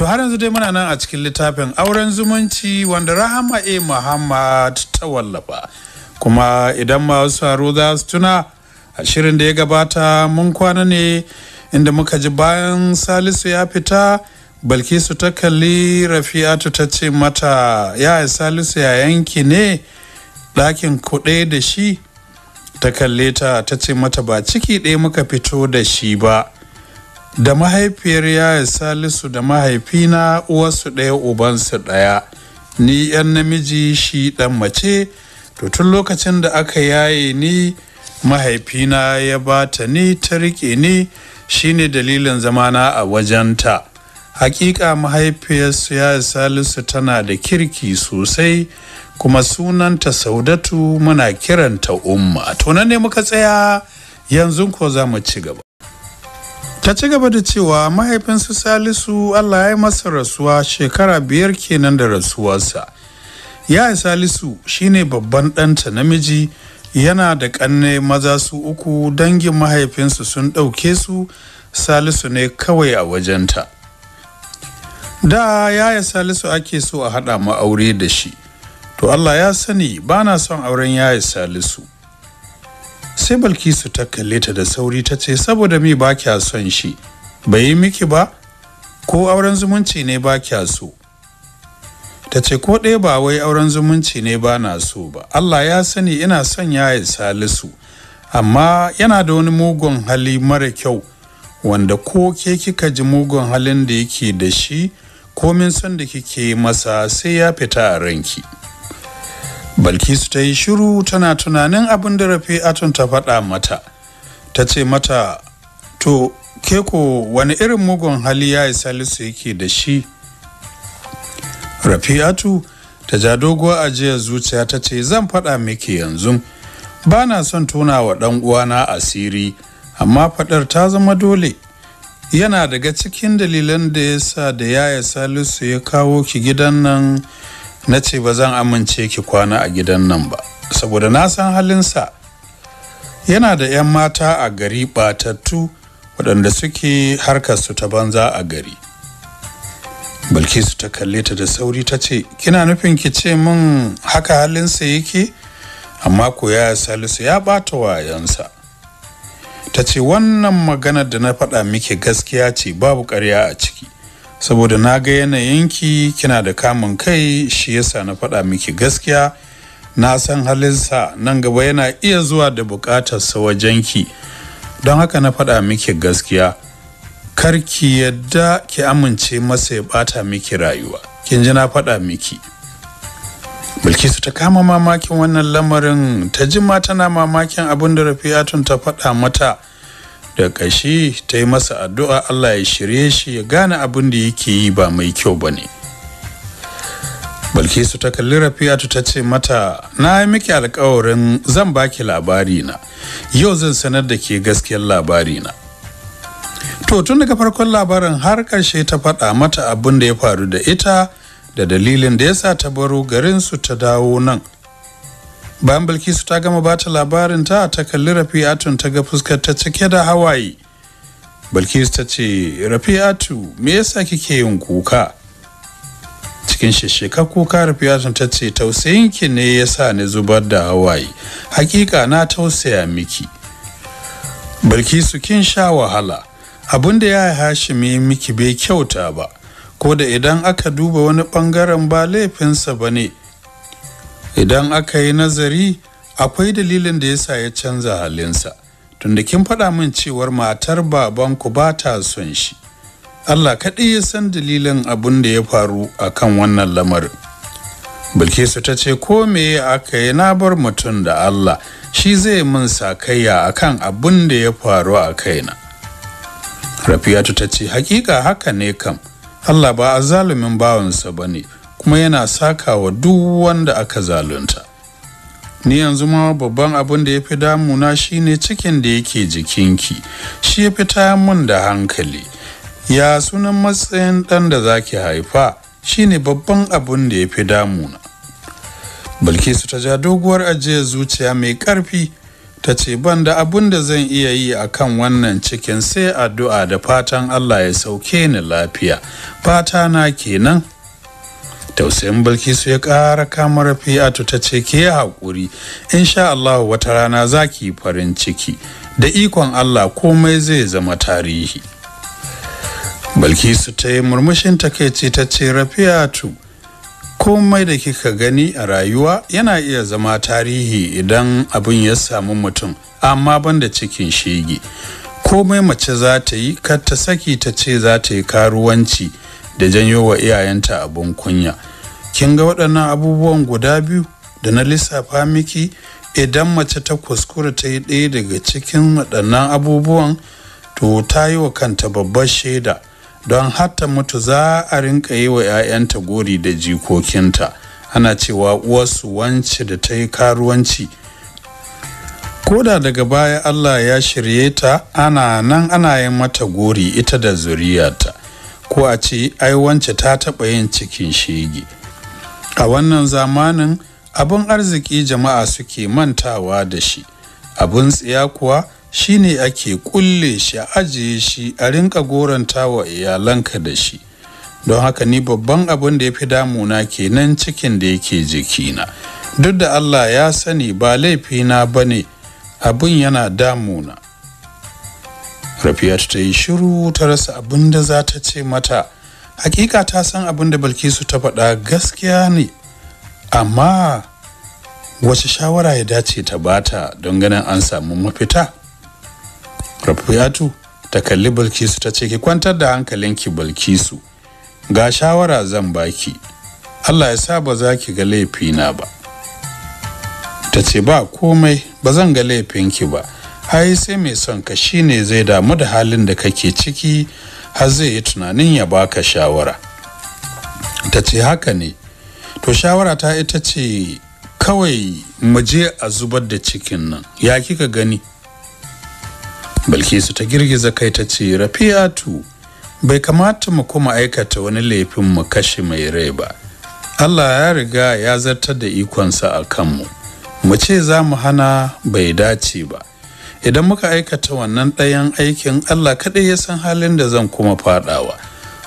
To har yanzu dai muna nan a cikin littafin auren zumunci wanda Rahama A. Muhammad ta wallafa. Kuma idan masu haro za su tuna a shirin da ya gabata mun kwana ne inda muka ji bayan Salisu ya fita Balkisu ta kalli Rafi'atu ta ce mata ya Salisu ya yanki ne ɗakin kuɗe da shi ta kalle ta ta ce mata ba ciki ɗaya muka fito da shi ba. da mahaifiyar yaya salisu da mahaifina uwarsu ɗaya ubansu ɗaya ni yan namiji shi ɗan mace to tun lokacin da aka yaye ni mahaifina ya bata ni ta riƙe ni shine dalilin zamana a wajenta hakika mahaifiyarsu ya salisu tana da kirki sosai kuma sunanta saudatu muna kiranta umma to ne muka tsaya yanzu ko za mu ci gaba ta ci gaba da cewa mahaifinsu salisu allah ya yi masa rasuwa shekara biyar kenan da rasuwarsa ya salisu shine babban ɗanta namiji yana da ƙanne maza su uku dangin mahaifinsu sun ɗauke su salisu ne kawai a wajenta da yaya salisu ake so a haɗa ma'aure aure da shi to allah ya sani ba na son auren yaya salisu sai Balkisu ta kalle ta da sauri ta ce saboda me ba kya son shi bai yi miki ba ko auren zumunci ne ba kya so ta ce ko ɗaya ba wai auren zumunci ne ba na so ba Allah ya sani ina son yi salisu amma yana da wani mugun hali mara kyau wanda ko ke kika ji mugun halin da yake da shi komin son da kike masa sai ya fita a ranki. Balkisu ta yi shiru tana tunanin abin da rafi atun ta faɗa mata. Ta ce mata, to keko wani irin mugun hali ya yi salisu yake da shi. Rafi'atu ta ja doguwa ajiyar zuciya ta ce zan faɗa miki yanzu. Ba na son tona wa ɗan uwana asiri, amma faɗar ta zama dole. Yana daga cikin dalilan da ya sa da yaya Salisu ya kawo ki gidan nan na ce ba zan amince ki kwana a gidan nan ba saboda na san halin sa yana da 'yan mata a gari batattu waɗanda suke harkar su ta banza a gari bilkisu ta kalle ta da sauri ta ce kina nufin ki ce min haka halinsa yake amma ko ya salisu ya bata wayansa ta ce wannan maganar da na faɗa miki gaskiya ce babu ƙarya a ciki saboda na ga yanayinki kina da kamun kai shi yasa na faɗa miki gaskiya na san halinsa nan gaba yana iya zuwa da bukatar wajen ki don haka na faɗa miki gaskiya kar ki yadda ki amince masa ya ɓata miki rayuwa kin ji na faɗa miki bilkisu ta kama mamakin wannan lamarin ta jima tana mamakin abin da rafi'atun ta faɗa mata da ƙashi ta yi masa addu'a Allah ya shirye shi ya gane abin da yake yi ba mai kyau ba ne balkisu ta kalli rafiyatu ta ce mata na yi miki alkawarin zan baki labari na yau zan sanar da ke gaskiyar labari na to tun daga farkon labarin har ƙarshe ta faɗa mata abin da ya faru da ita da dalilin da ya sa ta baro garinsu ta dawo nan bayan bilkisu ta gama bata labarin ta ta kalli rafi'atun ta ga fuskar ta cike da hawaye bilkisu ta ce rafi'atu me yasa kike yin kuka cikin shishika kuka rafi'atun ta ce ki ne yasa ni zubar da hawaye hakika na tausaya miki bilkisu kin sha wahala abin da ya hashimi miki bai kyauta ba ko da idan aka duba wani bangaren ba laifinsa ba ne idan aka yi nazari akwai dalilin da yasa ya canza halinsa tunda kin faɗa min cewar matar babanku ba ta son shi Allah kaɗai ya san dalilin abin da ya faru a kan wannan lamarin bilkisu ta ce ko me aka yi na bar mutum da Allah shi zai min sakayya a kan abin da ya faru a kaina rafiyatu ta ce hakika haka ne kam Allah ba a zalumin bawansa ba ne kuma yana saka wa duk wanda aka zalunta ni yanzu ma babban abin da ya fi damuna shine cikin da yake jikinki shi ya fita mun da hankali ya sunan matsayin ɗan da zaki haifa shine babban abin da ya fi damuna bilkisu ta ja doguwar ajiyar zuciya mai ƙarfi ta ce ban da abin da zan iya yi a kan wannan cikin sai addu'a da fatan allah ya sauke ni lafiya fata na kenan tausayin bilkisu ya ƙara kamar rafi'atu ta ce ke haƙuri insha Allah wata rana za ki farin ciki da ikon Allah komai zai zama tarihi bilkisu ta yi murmushin takaici ta ce rafi'atu komai da kika gani a rayuwa yana iya zama tarihi idan abin ya samu mutum amma banda cikin shege komai mace za ta yi kar ta saki ta ce za ta yi karuwanci da janyo wa iyayenta abun kunya kin ga waɗannan abubuwan guda biyu da na lissafa miki idan mace ta kuskura ta yi ɗaya daga cikin waɗannan abubuwan to ta yi wa kanta babbar shaida don hatta mutu za a rinka yi wa 'ya'yanta gori da jikokinta ana cewa uwarsu wance da ta yi karuwanci da daga baya allah ya shirye ta ana nan ana yin mata gori ita da zuriyarta ko a ce ai wance ta taɓa yin cikin shege a wannan zamanin abin arziki jama'a suke mantawa da shi Abun tsiya kuwa shine ake kulle shi a ajiye shi a rinka goranta wa iyalanka da shi don haka ni babban abin da ya fi damuna kenan cikin da yake jikina duk da allah ya sani ba laifina ba ne abin yana damuna Rafiyat ta yi shiru ta rasa abin da za ta ce mata. Hakika ta san abin da Bilkisu ta faɗa gaskiya ne, amma wace shawara ya dace ta bata don ganin an samu mafita? Rafiyatu ta kalli Bilkisu ta ce ki kwantar da hankalinki Bilkisu. Ga shawara zan baki. Allah ya sa ba za ki ga laifina ba. Ta ce ba komai ba zan ga laifinki ba. ai sai mai son ka shine zai damu da halin da kake ciki har zai yi tunanin ya baka shawara ta ce haka ne to shawara ta ita ce kawai mu je a zubar da cikin nan ya kika gani bilkisu ta girgiza kai ta ce rafi'atu bai kamata mu kuma aikata wani laifin mu kashe mai rai ba allah ya riga ya zartar da ikonsa a kanmu mu ce za mu hana bai dace ba idan muka aikata wannan ɗayan aikin allah kaɗai ya san halin da zan kuma faɗawa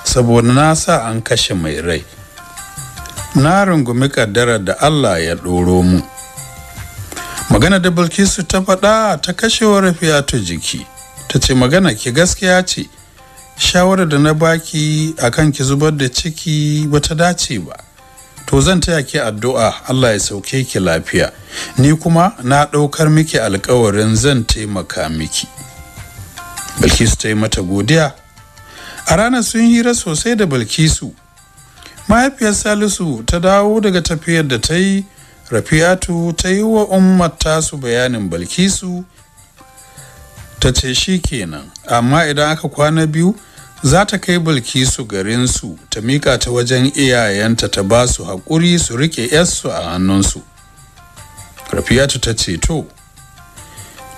saboda na sa an kashe mai rai na rungumi ƙaddarar da allah ya ɗoro mu magana da bilkisu ta faɗa ta kashewa rafiyatu jiki ta ce magana ki gaskiya ce shawarar da na baki akan ki zubar da ciki bata dace ba to zan taya ki addu'a Allah ya sauke ki lafiya ni kuma na ɗaukar miki alkawarin zan taimaka miki Bilkisu ta yi mata godiya a ranar sun hira sosai da Bilkisu mahaifiyar Salisu ta dawo daga tafiyar da ta yi Rafi'atu ta yi wa ummar tasu bayanin Bilkisu ta ce shi kenan amma idan aka kwana biyu za ta kai bilkisu garinsu ta mika ta wajen iyayenta ta ba su haƙuri su rike su a hannunsu rafiyatu ta ce to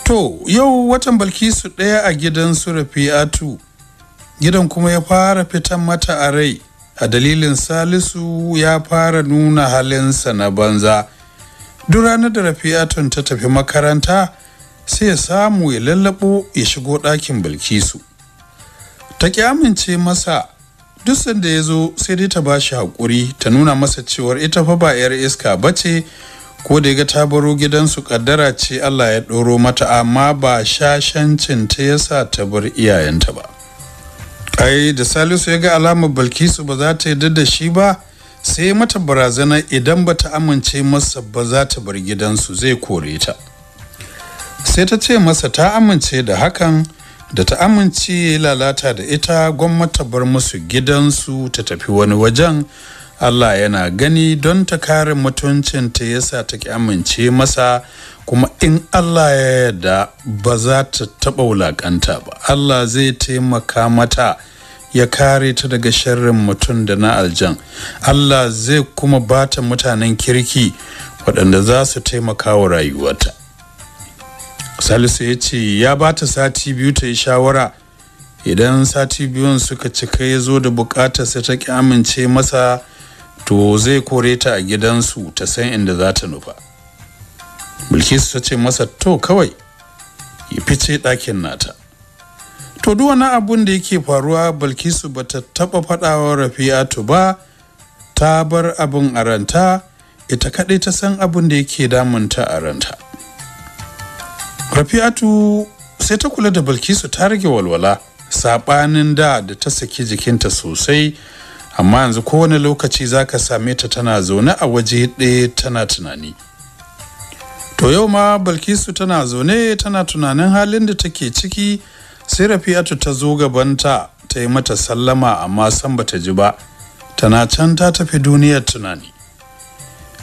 to yau watan bilkisu ɗaya a gidan su rafiyatu gidan kuma ya fara fitan mata a rai a dalilin salisu ya fara nuna halinsa na banza duk ranar da rafiyatun ta tafi makaranta sai ya samu ya lallabo ya shigo ɗakin bilkisu ta ki amince masa duk sanda ya zo sai dai ta bashi haƙuri ta nuna masa cewar ita fa ba 'yar iska ba ce ko da ga ta baro gidansu kaddara ce Allah ya ɗoro mata amma ba shashancin ta yasa ta bar iyayenta ba ai da salisu ya ga alamar balkisu ba za ta yarda da shi ba sai mata barazana idan ba ta amince masa ba za ta bar gidansu zai kore ta sai ta ce masa ta amince da hakan da ta amince lalata da ita gwamnati bar musu gidansu ta tafi wani wajen Allah yana gani don ta kare mutuncin ta yasa ta ki amince masa kuma in Allah ya yarda ba za ta taɓa wulaƙanta ba Allah zai taimaka mata ya kare ta daga sharrin mutum da na aljan Allah zai kuma bata mutanen kirki waɗanda za su taimaka wa rayuwarta salisu ya ce ya ba ta sati biyu ta yi shawara idan sati biyun suka cika ya zo da bukatar sa ta ki amince masa to zai kore ta a gidansu ta san inda za ta nufa bilkisu ta ce masa to kawai ya fice ɗakin nata to duk wani abun da yake faruwa bilkisu ba ta taɓa faɗawa rafi'atu ba ta bar abin a ranta ita kaɗai ta san abin da yake damunta a ranta rafi'atu sai ta kula da bilkisu ta rage walwala saɓanin da da ta saki jikinta sosai amma yanzu kowane lokaci za ka same ta tana zaune a waje ɗaya tana tunani to yau ma bilkisu tana zaune tana tunanin halin da take ciki sai rafi'atu ta zo gabanta ta yi mata sallama amma san bata ji ba tana can ta tafi duniyar tunani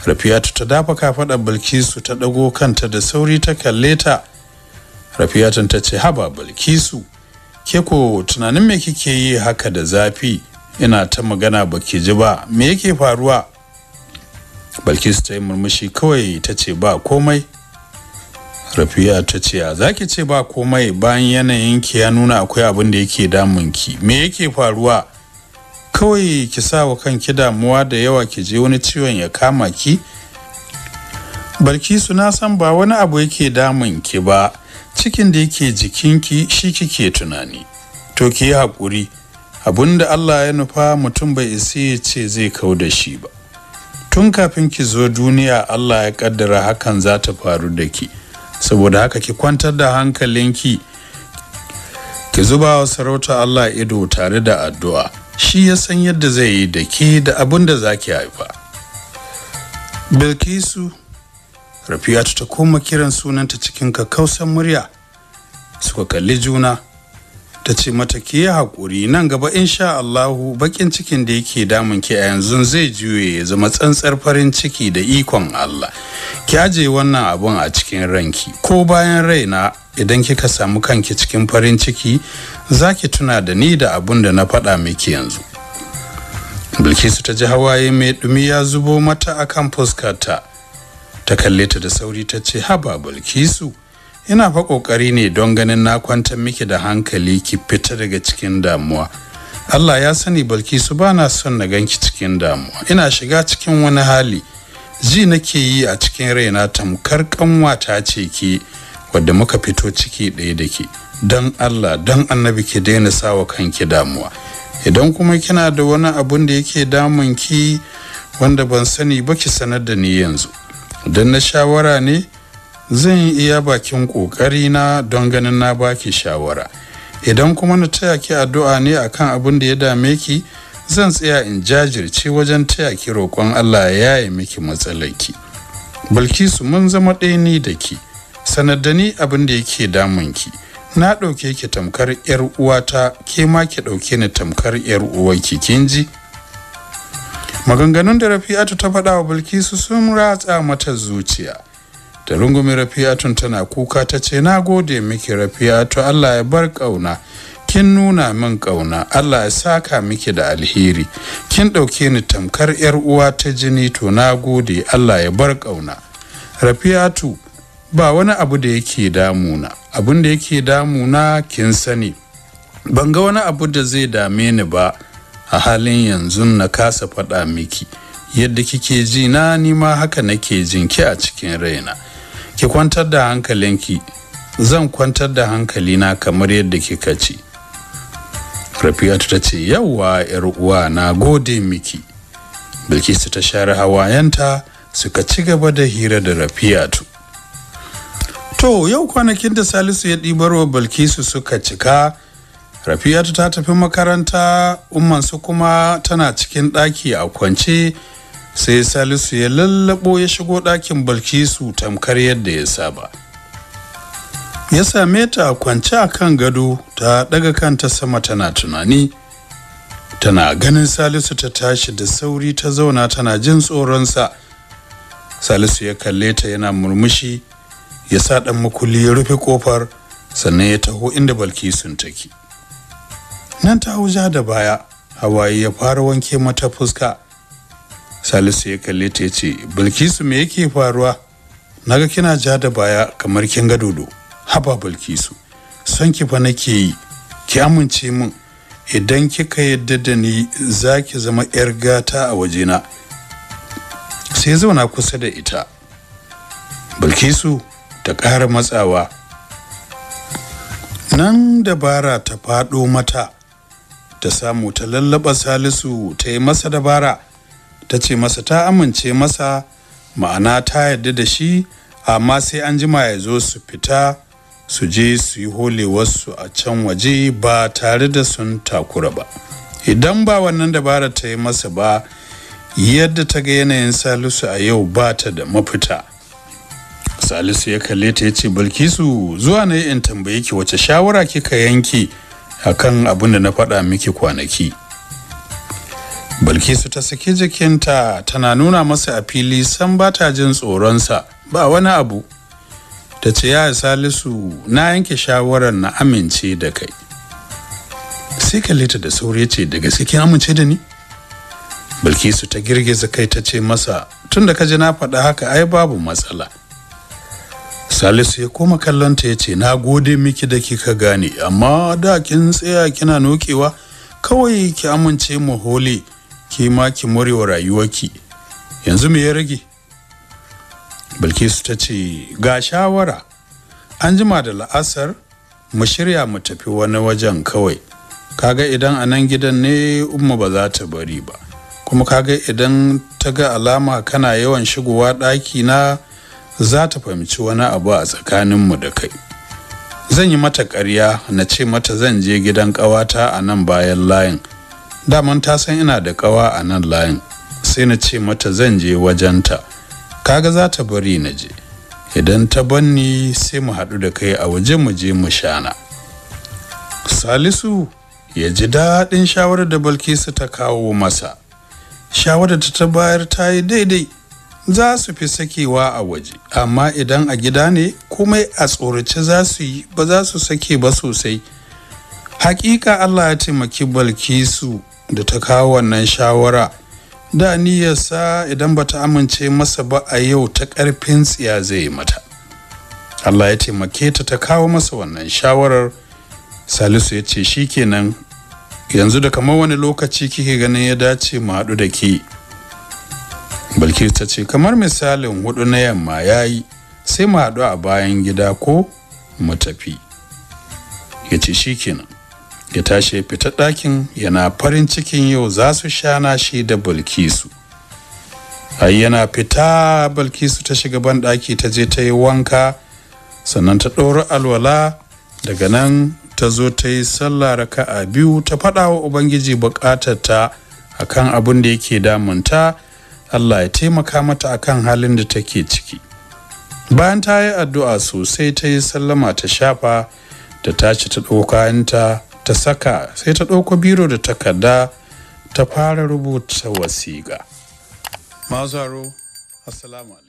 rafi'atu ta dafa kafaɗa bilkisu ta ɗago kanta da sauri ta kalle ta rafiyatun ta ce haba balkisu ke ko tunanin me kike yi haka da zafi ina ta magana baki ji ba me yake faruwa balkisu ta yi murmushi kawai ta ce ba komai rafiya ta ce a zaki ce ba komai bayan yanayin ki ya nuna akwai abin da yake damun ki me yake faruwa kawai ki sa wa kanki damuwa da yawa ki je wani ciwon ya kama ki barki su na san ba wani abu yake damun ki ba cikin da yake jikinki shi kike tunani to ki yi haƙuri abinda Allah ya nufa mutum bai isa ya ce zai kau da shi ba tun kafin ki zo duniya Allah ya kaddara hakan za ta faru da ki saboda haka ki kwantar da hankalinki ki zuba wa sarauta Allah ido tare da addu'a shi ya san yadda zai yi da ke da abin da za ki haifa bilkisu rafiyatu ta koma kiran sunanta cikin kakkausan murya suka kalli juna ta ce mata ki yi haƙuri nan gaba insha Allahu baƙin cikin da yake damun ki a yanzu zai juye ya zama tsantsar farin ciki da ikon Allah ki aje wannan abun a cikin ranki ko bayan raina idan kika samu kanki cikin farin ciki za ki tuna da ni da abun da na faɗa miki yanzu Bilkisu ta ji hawaye mai ɗumi ya zubo mata akan fuskarta ta kalle ta da sauri ta ce haba bulkisu ina fa kokari ne don ganin na kwantar miki da hankali ki fita daga cikin damuwa Allah ya sani bulkisu ba na son na ganki cikin damuwa ina shiga cikin wani hali ji nake yi a cikin raina tamkar kanwata ce ki wadda muka fito ciki ɗaya da ke don Allah don annabi ki daina sawa kanki damuwa idan kuma kina da wani abun da yake damun ki wanda ban sani ba ki sanar da ni yanzu don na shawara ne zan yi iya bakin na don ganin na baki shawara idan kuma na taya ki addu'a ne akan abin da ya dame ki zan tsaya in jajirce wajen taya ki roƙon Allah ya yi miki matsalaki bilkisu mun zama ɗaya ni da ki sanar da ni abin da yake damun ki na ɗauke ki tamkar 'yar uwata ke ma ki ɗauke ni tamkar 'yar uwanki kin ji maganganun da rafi'atu ta faɗa wa bilkisu sun ratsa mata zuciya da rungumi rafi'atun tana kuka ta ce na gode miki rafi'atu allah ya bar ƙauna kin nuna min ƙauna allah ya saka miki da alheri kin ɗauke ni tamkar yar uwa ta jini to na gode allah ya bar ƙauna rafi'atu ba wani abu da yake damuna abin da yake damuna kin sani ban ga wani abu da zai dame ni ba a halin yanzu na kasa faɗa miki yadda kike ji na nima haka nake jin ki a cikin raina ki kwantar da hankalinki zan kwantar da hankalina kamar yadda kika ce rafiatu ta ce yawwa yar uwa na gode miki bilkisu ta share hawayenta suka ci gaba da hira da rafiatu to yau kwanakin da salisu ya ɗibarwa bilkisu suka cika rafiyatu ta tafi makaranta ummansu kuma tana cikin ɗaki a kwance sai salisu ya lallabo ya shigo ɗakin balkisu tamkar yadda ya saba ya same ta a kwance a kan gado ta ɗaga kanta sama tana tunani tana ganin salisu ta tashi da sauri ta zauna tana jin tsoronsa salisu ya kalle ta yana murmushi ya sa ɗan makulli ya rufe ƙofar sannan ya taho inda balkisun take nan ta hauja da baya hawaye ya fara wanke mata fuska salisu ya kalle ta ce bilkisu me yake faruwa naga kina ja da baya kamar kin ga dodo haba bilkisu San ki fa nake yi ki amince min idan kika yadda da ni za ki zama yar gata a wajena sai zauna kusa da ita bilkisu ta kara matsawa nan dabara ta faɗo mata ta samu ta lallaba salisu ta yi masa dabara ta ce masa ta amince masa ma'ana ta yadda da shi amma sai an jima ya zo su fita su je su yi holewarsu a can waje ba tare da sun takura ba idan ba wannan dabara ta yi masa ba yadda ta ga yanayin salisu a yau ba ta da mafita salisu ya kalle ta ya ce bilkisu zuwa na yi in tambaye ki wace shawara kika yanke akan abin da na faɗa miki kwanaki balkisu ta saki jikinta tana nuna masa a fili san ba ta jin tsoronsa ba wani abu ta ce ya salisu na yanke shawarar na amince da kai sai kalita da sauri ce daga gaske amince da ni balkisu ta girgiza kai ta ce masa Tunda da ka na faɗa haka ai babu matsala salisu ya koma kallonta ya ce na gode miki da kika gane amma da kin tsaya kina nokewa kawai ki amince mu hole ki ma ki wa rayuwarki yanzu me ya rage bilkisu ta ce ga shawara an jima da la'asar mu shirya mu tafi wani wajen kawai kaga idan a nan gidan ne umma ba za ta bari ba kuma kaga idan ta ga alama kana yawan shigowa ɗaki na za ta fahimci wani abu a tsakaninmu da kai zan yi mata ƙarya na ce mata zan je gidan ƙawata a nan bayan layin daman ta san ina da ƙawa a nan layin sai na ce mata zan je wajenta kaga za ta bari na je idan ta banni sai mu haɗu da kai a waje mu je mu shana salisu ya ji daɗin shawarar da balkisu ta kawo masa shawarar ta ta bayar ta yi daidai za su fi sakewa a waje amma idan a gida ne komai a tsorace za su yi ba za su sake ba sosai hakika allah ya taimaki balkisu da ta kawo wannan shawara da niyyarsa idan ba ta amince masa ba a yau ta ƙarfin tsiya zai mata allah ya taimake ta ta kawo masa wannan shawarar salisu ya ce kenan yanzu da kamar wani lokaci kike ganin ya dace mu haɗu da ke Balki ta ce kamar misalin hudu na yamma ya yi sai mu haɗu a bayan gida ko mu tafi. Ya ce shi kenan. Ya tashi fita ɗakin yana farin cikin yau za su shana shi da Bilkisu. Ai yana fita Bilkisu ta shiga ban ɗaki ta je ta yi wanka sannan ta ɗora alwala daga nan ta zo ta yi sallah raka'a biyu ta faɗa wa ubangiji buƙatar ta akan abin da yake damunta Allah ya taimaka mata a kan halin da take ciki bayan ta yi addu'a sosai ta yi sallama ta shafa ta tashi ta ɗauka kayanta ta saka sai ta ɗauko biro da takarda ta fara rubuta wasiƙa mazaro assalamu